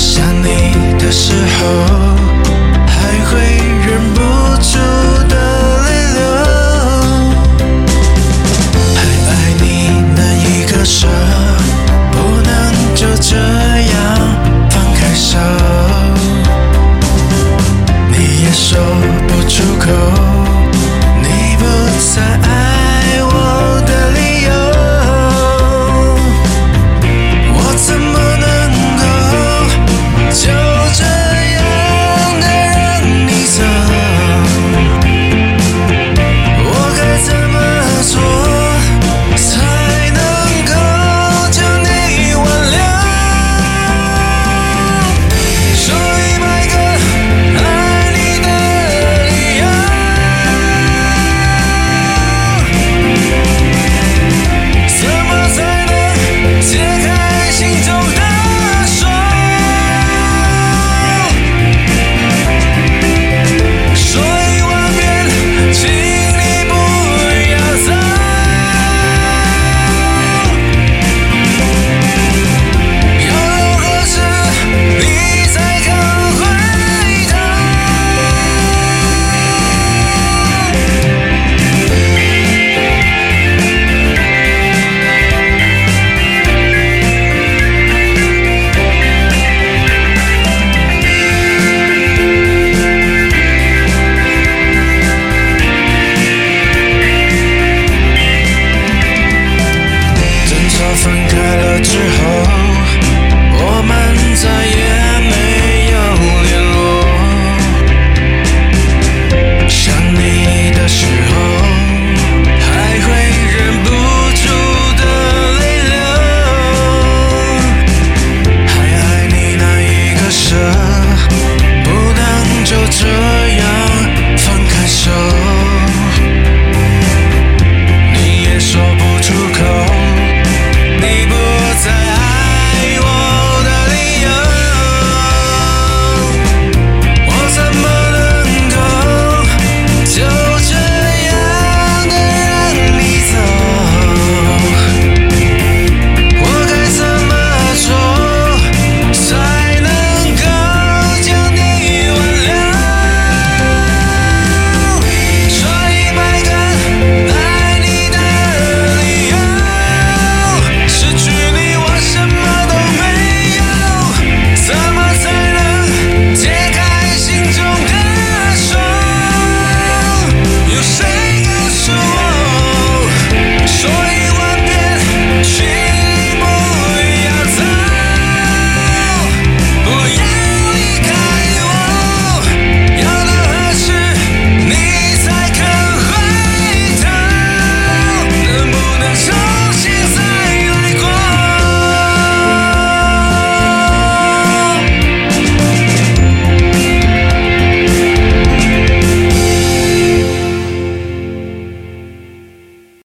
想你的時候。